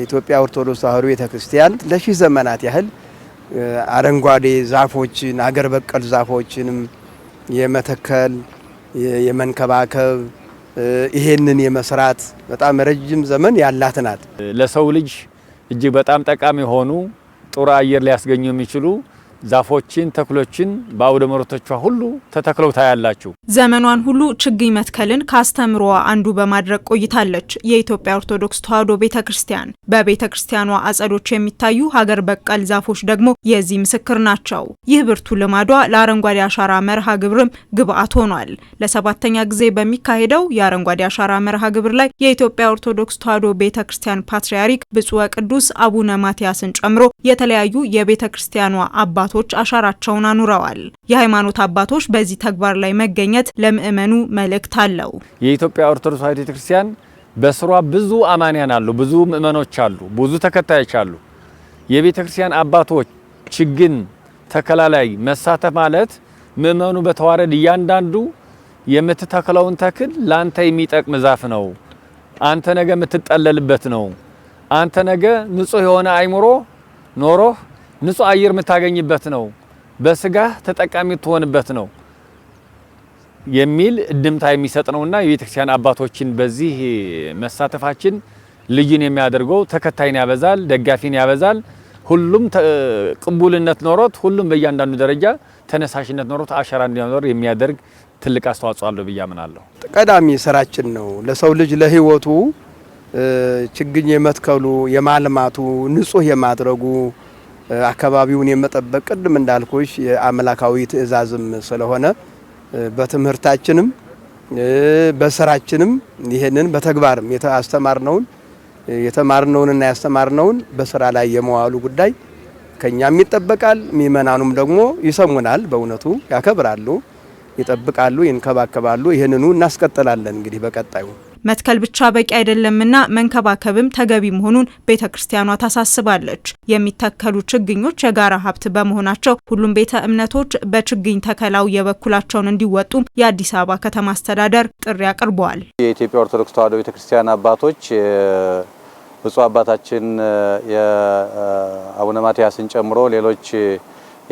የኢትዮጵያ ኦርቶዶክስ ተዋሕዶ ቤተክርስቲያን ለሺህ ዘመናት ያህል አረንጓዴ ዛፎችን አገር በቀል ዛፎችንም የመተከል የመንከባከብ ይሄንን የመስራት በጣም ረጅም ዘመን ያላት ናት። ለሰው ልጅ እጅግ በጣም ጠቃሚ የሆኑ ጥሩ አየር ሊያስገኙ የሚችሉ ዛፎችን ተክሎችን በአውደ ምሕረቶቿ ሁሉ ተተክለው ታያላችሁ። ዘመኗን ሁሉ ችግኝ መትከልን ከአስተምሮዋ አንዱ በማድረግ ቆይታለች። የኢትዮጵያ ኦርቶዶክስ ተዋሕዶ ቤተ ክርስቲያን በቤተ ክርስቲያኗ አጸዶች የሚታዩ ሀገር በቀል ዛፎች ደግሞ የዚህ ምስክር ናቸው። ይህ ብርቱ ልማዷ ለአረንጓዴ አሻራ መርሃ ግብርም ግብአት ሆኗል። ለሰባተኛ ጊዜ በሚካሄደው የአረንጓዴ አሻራ መርሃ ግብር ላይ የኢትዮጵያ ኦርቶዶክስ ተዋሕዶ ቤተ ክርስቲያን ፓትርያርክ ብፁዕ ወቅዱስ አቡነ ማትያስን ጨምሮ የተለያዩ የቤተ ክርስቲያኗ አባቶ አባቶች አሻራቸውን አኑረዋል። የሃይማኖት አባቶች በዚህ ተግባር ላይ መገኘት ለምእመኑ መልእክት አለው። የኢትዮጵያ ኦርቶዶክስ ተዋሕዶ ቤተክርስቲያን በስሯ ብዙ አማንያን አሉ፣ ብዙ ምእመኖች አሉ፣ ብዙ ተከታዮች አሉ። የቤተክርስቲያን አባቶች ችግኝ ተከላ ላይ መሳተፍ ማለት ምእመኑ በተዋረድ እያንዳንዱ የምትተክለውን ተክል ላንተ የሚጠቅም ዛፍ ነው፣ አንተ ነገ የምትጠለልበት ነው፣ አንተ ነገ ንጹህ የሆነ አይምሮ ኖሮህ ንጹህ አየር የምታገኝበት ነው፣ በስጋህ ተጠቃሚ ትሆንበት ነው የሚል እድምታ የሚሰጥ ነውና የቤተክርስቲያን አባቶችን በዚህ መሳተፋችን ልዩን የሚያደርገው ተከታይን ያበዛል፣ ደጋፊን ያበዛል። ሁሉም ቅቡልነት ኖሮት ሁሉም በእያንዳንዱ ደረጃ ተነሳሽነት ኖሮት አሻራ እንዲኖር የሚያደርግ ትልቅ አስተዋጽኦ አለው ብዬ አምናለሁ። ቀዳሚ ስራችን ነው። ለሰው ልጅ ለህይወቱ ችግኝ የመትከሉ የማልማቱ ንጹህ የማድረጉ አካባቢውን የመጠበቅ ቅድም እንዳልኩሽ የአምላካዊ ትእዛዝም ስለሆነ በትምህርታችንም በስራችንም ይህንን በተግባርም አስተማርነውን የተማርነውንና ያስተማርነውን በስራ ላይ የመዋሉ ጉዳይ ከኛም ይጠበቃል። ምእመናኑም ደግሞ ይሰሙናል፣ በእውነቱ ያከብራሉ፣ ይጠብቃሉ፣ ይንከባከባሉ። ይህንኑ እናስቀጥላለን እንግዲህ በቀጣዩ መትከል ብቻ በቂ አይደለምና መንከባከብም ተገቢ መሆኑን ቤተ ክርስቲያኗ ታሳስባለች። የሚተከሉ ችግኞች የጋራ ሀብት በመሆናቸው ሁሉም ቤተ እምነቶች በችግኝ ተከላው የበኩላቸውን እንዲወጡም የአዲስ አበባ ከተማ አስተዳደር ጥሪ አቅርበዋል። የኢትዮጵያ ኦርቶዶክስ ተዋሕዶ ቤተ ክርስቲያን አባቶች ብፁዕ አባታችን የአቡነ ማትያስን ጨምሮ ሌሎች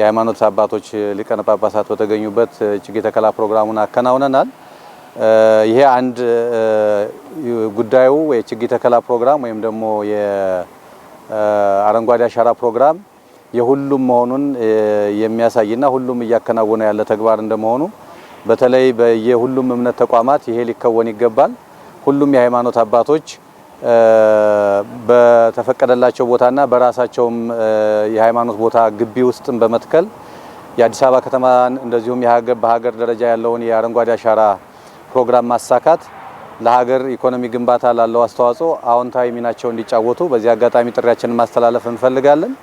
የሃይማኖት አባቶች ሊቀነ ጳጳሳት በተገኙበት ችግኝ ተከላ ፕሮግራሙን አከናውነናል። ይሄ አንድ ጉዳዩ የችግኝ ተከላ ፕሮግራም ወይም ደግሞ የአረንጓዴ አሻራ ፕሮግራም የሁሉም መሆኑን የሚያሳይና ሁሉም እያከናወነ ያለ ተግባር እንደመሆኑ በተለይ በየሁሉም እምነት ተቋማት ይሄ ሊከወን ይገባል። ሁሉም የሃይማኖት አባቶች በተፈቀደላቸው ቦታና በራሳቸውም የሃይማኖት ቦታ ግቢ ውስጥም በመትከል የአዲስ አበባ ከተማን እንደዚሁም በሀገር ደረጃ ያለውን የአረንጓዴ አሻራ ፕሮግራም ማሳካት ለሀገር ኢኮኖሚ ግንባታ ላለው አስተዋጽኦ አዎንታዊ ሚናቸው እንዲጫወቱ በዚህ አጋጣሚ ጥሪያችንን ማስተላለፍ እንፈልጋለን።